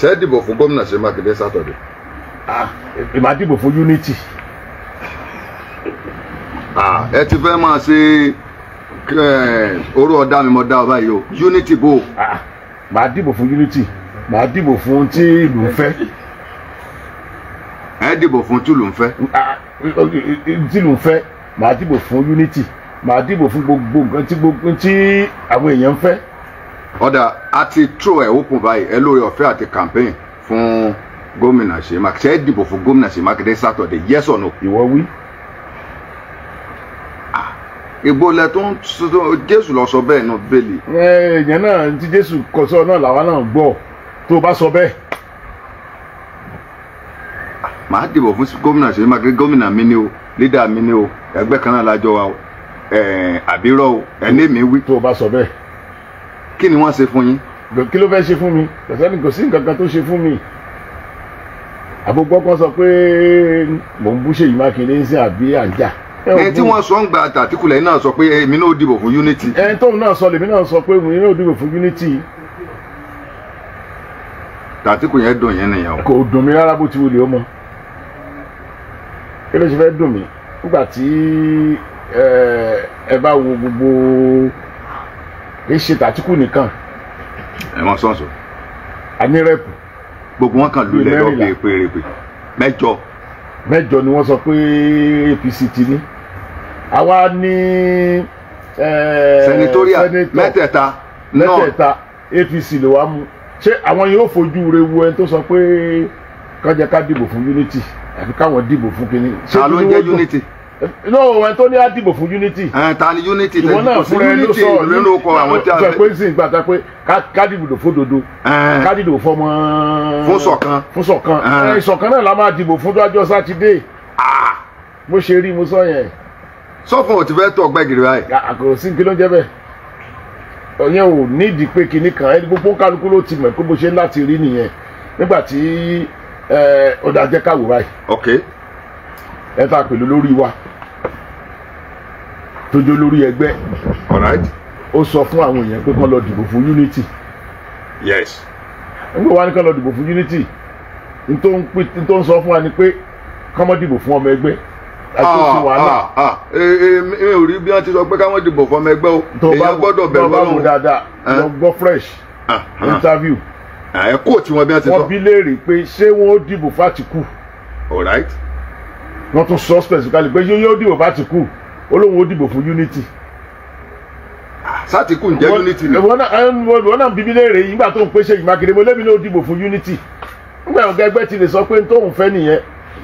ṣe é dìbò fún gómìnà ṣe mákindé sátọdẹ. Ah, ìmá dìbò fún unity. Ah, ẹ ti fẹ́ máa ṣe orú ọ̀dá mi mọ̀ dá ọba yìí o unity bò. Ah, màá dìbò fún unity màá dìbò fún tí ìlú ń fẹ́. ẹ dìbò fún tìlù ń fẹ́. tìlù ń fẹ́ màá dìbò fún unity màá dìbò fún gbogbo nǹkan tí àwọn èèyàn ń fẹ́ ọ̀dà àti tró ẹ̀ open báyìí ẹ lóore ọ̀fẹ́ àti campaign fún gómìnà Ṣèyí Mákindé ṣe é dìbò fún gómìnà Ṣèyí Mákindé Saturday yes or no. ìwọ wí. ìgbó lẹ tó ń Jésù lọ sọ bẹ́ẹ̀ nù bẹ́ẹ̀lì. èèyàn náà tí Jésù kọ sọ náà làwa náà gbọ́ tó o bá sọ bẹ́ẹ̀. màá dìbò fún gómìnà Ṣèyí Mákindé gómìnà mi ni o lídà mi ni o ẹgbẹ́ kan náà lájọ wa o àbírọ̀ o ẹni mi wí. tó o bá sọ bẹ́ẹ̀ kí ni wọ́n ṣe fún yín. kí ló fẹ́ ṣe fún mi kòsẹ́ni kò sí nǹkan kan tó ṣe fún mi àbúgbọ́ kan sọ pé mò ń bú Ṣèyí Mákindé ń sìn àbí àjà. ẹni tí wọ́n sọ ń gba àtàtìkùlẹ̀ náà sọ pé èmi náà dìbò fún unity. ẹni tóun náà sọ lèmi náà sọ pé èmi náà dìbò fún unity. tàtìkù yẹn dùn yẹn nìyẹn o. kò dùn mí rárá bó ti wulẹ̀ ó mọ kí ló ṣe fẹ́ dùn mí nígbà tí ẹ bá wo gbogbo èsì tàtíkù nìkan. ẹ mọ sọ́ọ̀sọ̀. a ní rẹ́pù. gbogbo wọn kàn lulẹ̀ lọ bíi pérépé mẹ́jọ. mẹ́jọ ni wọ́n sọ pé APC ti ní. àwa ní. senatorial mẹ́tẹ̀ẹ̀ta. mẹ́tẹ̀ẹ̀ta APC ló wá mú ṣé àwọn yóò fojú re wo ẹni tó sọ pé kájẹ ká dìbò fún unity àfi káwọn dìbò fún kínní. ta ló ń jẹ́ unity no ẹni tó ní á dìbò fún unity. ẹ ta ni unity tẹ ìbò sí unity nínú ọkọ àwọn tí a fẹ́. sọ pé sì gbàgbà pé ká dìbò fún dodo ká dìbò fún ọmọ. fún ṣọ̀kan. fún ṣọ̀kan ìṣọ̀kan náà la máa dìbò fún lọ́jọ́ sátidé bó ṣe rí mo sọ yẹn. sọfún ò ti fẹ́ tọ gbẹ́gìrì báyìí. àkòrò sí kí ló ń jẹ́ bẹ́ẹ̀ ọ̀yẹ́ ò nídìí pé kinní kan ẹni gbogbo kálukú ló ti mọ̀ pé bó ṣe láti rí nìyẹn nígbà tí ọ̀dà jẹ́ káwò báyìí. ok. ẹ ta pẹ̀lú lórí wa tó jẹ́ olórí ẹgbẹ́ ó sọ fún àwọn èèyàn pé kán lọ dìbò fún unity. yes. nígbà wá ní kán lọ dìbò fún unity n tó ń sọ fún wa ni pé kán mọ́ dìbò fún ọmọ ẹgbẹ́ àtúnṣe wàhálà. Ah, ah, ah, eh, eh, mi ò rí bí wọ́n ti sọ pé káwọn dìbò fún ọmọ ẹgbẹ́ o èèyàn gbọ́dọ̀ bẹ̀rù lọ́wọ́. tó bá wù dáadáa eh? lọ gbọ́ fresh interview. ẹ kó tí wọn bí wọ́n ti sọ. wọ́n bí léèrè pé ṣé wọn ó dìbò fún Àtìkù. all right. wọ́n tún sọ specifically pé yóò dìbò fún Àtìkù olóhùn ó dìbò fún unity. Ah, sátìkù ǹjẹ́ unity ni. wọn náà bíbí léèrè yìí nígbà tó ń pè Ṣèyí Mákindé mo lébi ní ó dìbò fún unity nígbà yàn gẹ́gbẹ́ ti lè sọ pé tóun fẹ́ nìyẹn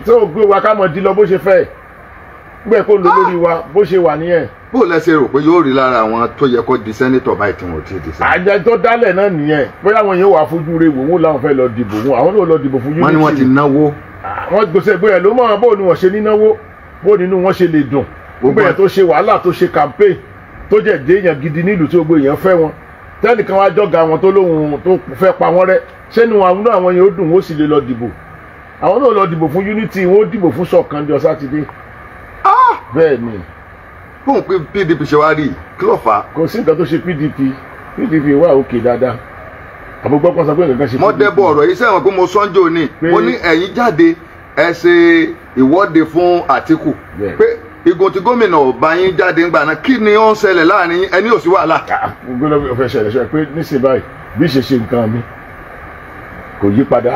tóun gbé wa ká mọ̀ di lọ bó ṣe fẹ́ gbẹ kó lọ lórí wa bó ṣe wà nìyẹn. bó o lẹsẹ rò pé yóò rí lára àwọn tó yẹ kó di sẹ́nitọ̀ báyìí tí wọ́n ti di sẹ́nitọ̀. àjẹ tó dálẹ̀ náà nìyẹn bóyá àwọn yẹn wà fojú re wò wọ́n làwọn fẹ́ lọ dìbò wọn àwọn náà lọ dìbò fún unity. wọ́n ní wọ́n ti náwó. Ah, wọ́n gbèsè gbé ẹ̀ ló mọ̀ bó ni wọ́n ṣe nínáwó bó nínú wọn ṣe lè dùn gbogbo èèyàn tó ṣe wàhálà tó ṣe campaign tó jẹ́ dé èèyàn gidi nílùú tí gbogbo èèyàn fẹ́ wọn tẹ́nìkan wá jọ̀gá wọn tó lóhun tó fẹ́ pa wọ́n rẹ́ sẹ́nu àwọn àwọn yẹn ó dùn ó sì lè lọ dìbò àwọn náà lọ dìbò fún unity wọn ó dìbò fún ṣọ̀kan jọ sátidé. Ah! bẹ́ẹ̀ ni. fóun pé pdp ṣe wá rí kí ló fà á. kò sí nǹkan tó ṣe pdp pdp wà òkè dáadáa àmọ́ gbọ́ sọ pé nǹkan ṣe pdp. mo dẹ́bọ̀ ọ̀rọ̀ yìí sẹ́wọ̀n pé mo sọ́njọ́ ni mo ní ẹ̀yin jáde ẹ ṣe ìwọ́de fún Àtíkù pé igun tí gómìnà ò bá yín jáde ńgbà kí ni ó ń ṣẹlẹ̀ láàrin ẹni ò sí wàhálà. Ah, ah, gbọ́dọ̀ ọ̀fẹ́ ṣẹlẹ̀ ṣe pé níṣẹ́ báyìí bí ṣe ṣe nǹkan mi kò yí padà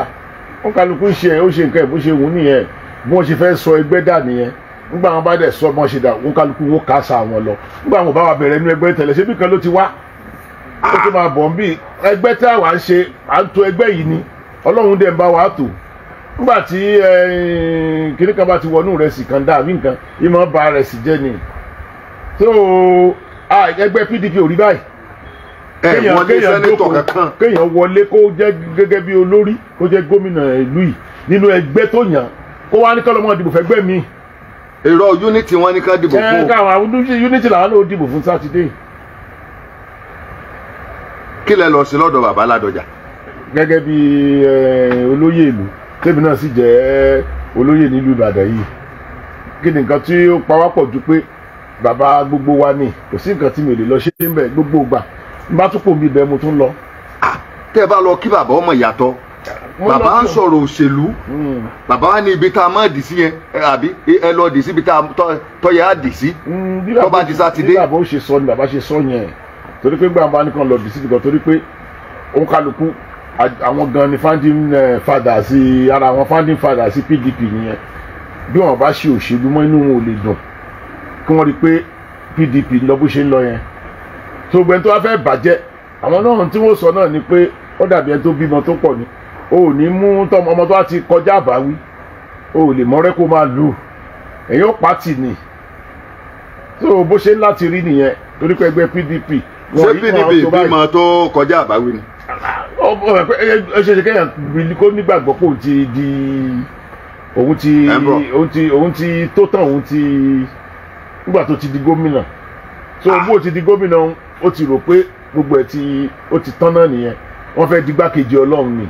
wọn kálukú ṣe ó ṣe nǹkan ẹ̀ bó ṣe wù nìyẹn bí wọ́n ṣe fẹ́ sọ ẹgbẹ́ dà nìyẹn nígbà wọn bá dẹ̀ sọ ọmọ ṣe dà wọn kálukú wó kásá wọn lọ nígbà wọn bá wà bẹ̀rẹ̀ inú ẹgbẹ́ tẹ̀lẹ̀ ṣé kan ló ti wá ó tó máa bọ̀ ń bí ẹgbẹ́ tá à wá ń ṣe à ń to ẹgbẹ́ yìí ni Ọlọ́run dẹ̀ ń bá wa tò nígbà tí kinní kan bá ti wọnú rẹsì kan dà nǹkan ìmọ̀ ba rẹsì jẹ́ ni so ẹgbẹ́ PDP ò rí báyìí kéèyàn wọlé sẹ́nẹ́tọ̀ kankan kéèyàn wọlé kó jẹ́ gẹ́gẹ́ bí olórí kó jẹ́ gómìnà ìlú yìí nínú ẹgbẹ́ tó yàn kó wá ní kọ́lọ́mọ́ dìbò fẹ́gbẹ́ mi. èrò unity wọn ní ká dìbò fún. ẹ káwọn àwọn unity làwọn ló dìbò fún sátidé. kí lẹ lọ sí lọ́dọ̀ bàbá ládọjà. gẹ́gẹ́ bí olóyè ìlú tèmi náà sì jẹ́ olóyè nílùú Ìbàdàn yìí kí ni nǹkan tí ó pa wá pọ̀ ju pé bàbá gbogbo wa ni kò sí nǹkan tí mi ò lè lọ ṣe é mbẹ gbogbo gbà n bá tún pò mí bẹ́ẹ̀ mo tún lọ. Ah, tẹ́ ẹ bá lọ kí bàbá ọmọ ìyàtọ̀ bàbá ń sọ̀rọ̀ òṣèlú hmm. bàbá wa ní ibi tá a máa dì sí yẹn àbí ẹ lọ dì sí ibi tá a tọ́yẹ á dì sí hmm, tó bá di sátidé. bí bàbá ó ṣe sọ ni bàbá ṣe sọ yẹn torí pé gbàǹbá nìkan lọ dì sí nìkan torí pé òun kálukú àwọn gan ni founding eh, father sí ara àwọn founding father sí PDP nìyẹn bí wọn bá ṣe òṣèlú mọ́ inú wọn ò lè dùn kí wọ́n rí pé PDP ń lọ bó ṣe ń lọ yẹn tó gbẹ́ni tó wá fẹ́ bàjẹ́ àwọn náà tí wọ́n sọ náà ni pé ó dàbí ẹni tó bímọ tó pọ̀ ni o ò ní mú ọmọ tó wá ti kọjá àbáwí o ò lè mọ́rẹ́ kó máa lù èyí ó pàtì ni tó bó ṣe ń láti rí nìyẹn torí pé ẹgbẹ́ PDP. ṣé PDP bímọ tó kọjá àbáwí ni ṣe ṣe kéèyàn kó nígbàgbọ́ pé òun ti di òun ti òun ti òun ti tó tán òun ti nígbà tó ti di gómìnà so ah. bó ti di gómìnà ó ti rò pé gbogbo ẹ̀ ti ó ti tán náà nìyẹn wọ́n fẹ́ di gbákejì ọlọ́run ni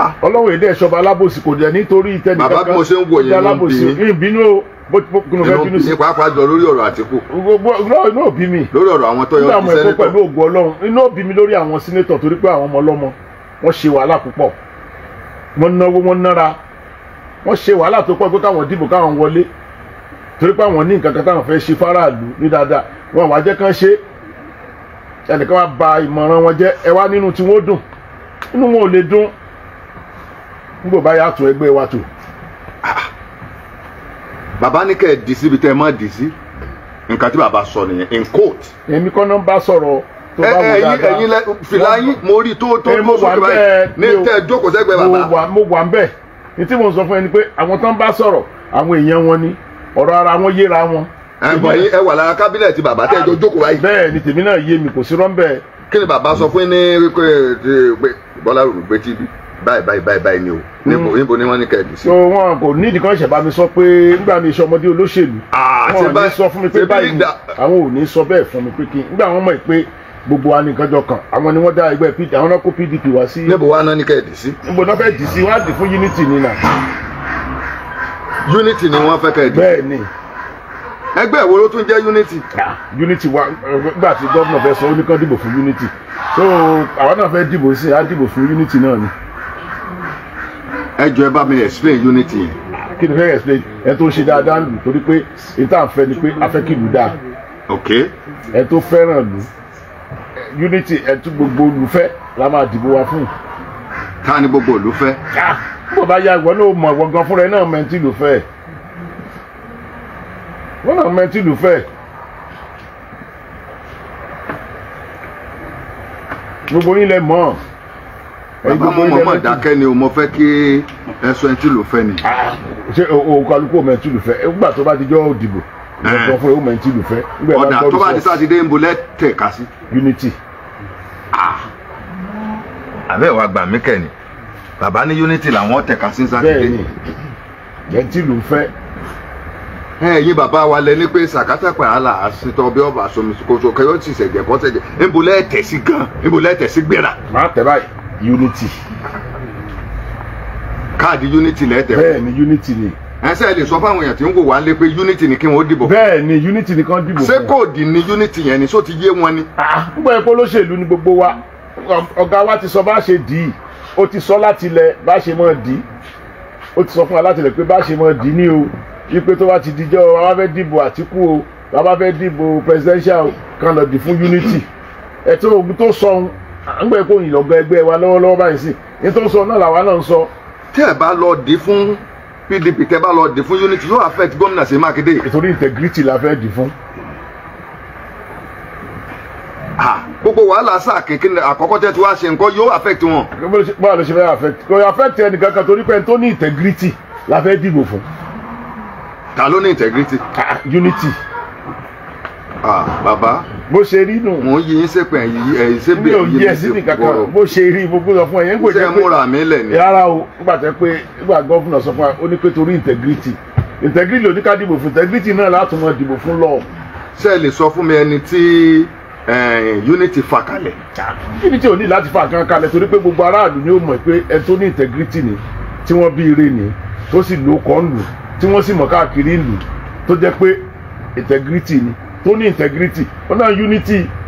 ah. ọlọ́run èdè ẹ̀ṣọ́ba alábòsí kò jẹ́ nítorí tẹ́nìkan kan bàbá bí mo ṣe ń wò ló ń bínú ìbínú o bó ti gbọ́n fẹ́ bínú sí. ní pàápàá jọ lórí ọ̀rọ̀ Àtíkù. inú òbí mi. lórí ọ̀rọ̀ àwọn tó yọ ti sẹ́nitọ̀. nígbà mọ̀ pẹ̀lú ògùn ọlọ́run inú òbí mi lórí àwọn sínétọ̀ torí pé àwọn ọmọ ọlọ́mọ wọ́n ṣe wàhálà púpọ̀ wọ́n náwó wọ́n nára wọ́n ṣe wàhálà tó pọ̀ pé káwọn dìbò káwọn wọlé torí pé àwọn ní nǹkan kan táwọn tó ẹgbẹ́ wa tó bàbá ní kẹ́ ẹ̀ dì síbi tẹ́ ẹ mọ́ dì sí nǹkan tí bàbá sọ nìyẹn in court. èmi kọ́ náà ń bá sọ̀rọ̀ tó bá wù dáadáa ẹyin lẹ fìlà yín mo rí tó tó tó sókè báyìí ní tẹ ẹ jókòó sẹ́gbẹ̀ẹ́ bàbá. mo wà ń bẹ̀ ní tí mo sọ fún ẹ ni pé àwọn tó ń bá sọ̀rọ̀ àwọn èèyàn wọn ni ọ̀rọ̀ ara wọn yéra wọn. ẹ̀gbọ́n yín ẹ wà lára kábínẹ̀tì bàbá tẹ́ ẹ jókòó báyìí. bẹ́ẹ̀ ni tèmi náà yé mi kò sí rọ́ńbẹ́. kí ni bàbá sọ fún ní eh, eh, Bọ́lá Ìrùgbé TV báyìí báyìí báyìí báyìí ni o níbo mm. níbo ni wọ́n ní kẹ́ẹ̀dù sí. so wọn kò ní ìdíkan ìṣẹ̀bá mi sọ pé nígbà mi ìṣọmọdé olóṣèlú wọn ò ní sọ fún mi pé báyìí àwọn ò ní sọ bẹ́ẹ̀ fún mi pé kí nígbà wọn mọ̀ pé gbogbo wa nìkan jọ kan àwọn ni wọ́n dá ẹgbẹ́ pdp àwọn náà kó pdp wá sí. níbo wa náà ní kẹ́ẹ̀dù sí. níbo náà fẹ́ dì sí wọ́n á dì fún unity ni nà. unity ni wọ́n fẹ́ kẹ́ẹ̀dù. bẹ́ẹ̀ ni ẹgbẹ́ ìwo ló tún jẹ́ unity. unity wa nígbà tí gómìnà fẹ́ sọ ó ní kán dìbò fún unity so àwọn náà fẹ́ dìbò sí i á dìbò fún unity náà ni ẹ jọ ẹ bá mi explain unity yẹn. kí ni fẹ́ explain ẹ tó ń ṣe dáadáa lù torí pé ìta àfẹ́ ni pé afẹ́ kì lù dáa. ok. ẹ tó fẹ́ràn lù unity ẹ tún gbogbo olùfẹ́ la máa dìbò wa fún. ta ni gbogbo olùfẹ́. Ah, bó bá ya ìwọ náà mọ ìwọ gan fúnra ẹ náà mẹtí lù fẹ́ wọn náà mẹtí lù fẹ́. gbogbo yín lẹ mọ̀ ọ́ ẹyin gbogbo mọ̀ mọ̀ dákẹ́ ni o mo fẹ́ kí ẹ sọ ẹni tí ló fẹ́ ni. Ah. ṣé o kálukú ọmọ ẹni tí ló fẹ́ nígbà tó bá ti jọ́ òdìbò ìgbà eh. fún ọmọ ẹni tí ló fẹ́. ọ̀dà tó bá di sátidé ń bo lẹ́tẹ̀ ká sí. unity. Ah. àbẹ́ ìwà gbà mí kẹ́ni bàbá ní unity làwọn tẹ̀ ká sí sátidé. bẹ́ẹ̀ni ẹni tí ló fẹ́. ẹ̀yin bàbá wa lẹ ní pé sàkátà pàrọ̀ àṣetọ bí ọba àṣomìsíkòsò kẹyọ ti ṣẹjẹ bọ́sẹ̀jẹ ń bo lẹ́tẹ̀ sí gan ń bo lẹ́tẹ̀ sí gbéra. má tẹ báyìí unity. káàdì unity lẹ́tẹ̀. bẹ́ẹ̀ ni unity ni. ẹsẹ̀ lè sọ fáwọn èèyàn tí ń wò wá lé pé unity ni kí wọ́n dìbò. bẹ́ẹ̀ ni unity ni kán dìbò fún. ṣé ni unity yẹn ni só ti yé wọn ni. ah. gbọ́ epo olóṣèlú ni gbogbo wa ọ̀gá wa ti sọ bá ṣe dì í ó ti sọ láti ilẹ̀ bá ṣe mọ́ dì o ó ti sọ fún wa láti ilẹ̀ pé bá ṣe mọ́ dì í o ipe tó bá ti dijọ́ wa fẹ́ dìbò Àtíkù o bàbá fẹ́ dìbò presidential kan lọ dì fún unity ẹ̀tọ́ ògùn tó sọ à ń gbẹ kó yìn lọ́gọ́ ẹgbẹ́ wa lọ́wọ́lọ́wọ́ báyìí sí ní tó ń sọ náà làwa náà ń sọ. tí ẹ bá lọ dì fún PDP tẹ bá lọ dì fún unity yóò affect gómìnà sí Mákindé. ìtorí integrity la fẹ́ dì fún. gbogbo wàhálà sáà kékeré àkọ́kọ́ tẹ́ tí wàá ṣe nǹkan yóò affect wọn. báwo ló ṣe fẹ́ affect kò affect ẹnìkan kan torí pé tó ní integrity la fẹ́ dìbò fún. ta ló ní integrity. unity. Ah, bàbá bó ṣe rí nù. Mo ń yí yín sépè ẹ̀yìn ẹ̀yìn sépè ẹ̀yìn mi ò yí ẹ̀sìn kankan bó ṣe rí gbogbo sọ fún ẹ̀yìn gbòjẹ́ pé ṣé múra mi lẹ̀ ni. rárá o nígbà tẹ pé nígbà gọ́fúnà sọ fún wa ó ní pé torí integrity integrity oníkà dìbò fún integrity náà láti mọ dìbò fún lọ. ṣé ẹ lè sọ fún mi ẹni tí unity fà kalẹ̀. unity ò ní láti fà kan kalẹ̀ torí pé gbogbo aráàlú ni ó mọ̀ pé ẹ tó ní integrity ni tí wọ́n bí ire ni tó sì lókọ́ ń lù tí wọ́n sì mọ̀ káàkiri ìlú tó jẹ́ pé integrity ni tó ní integrity ó náà unity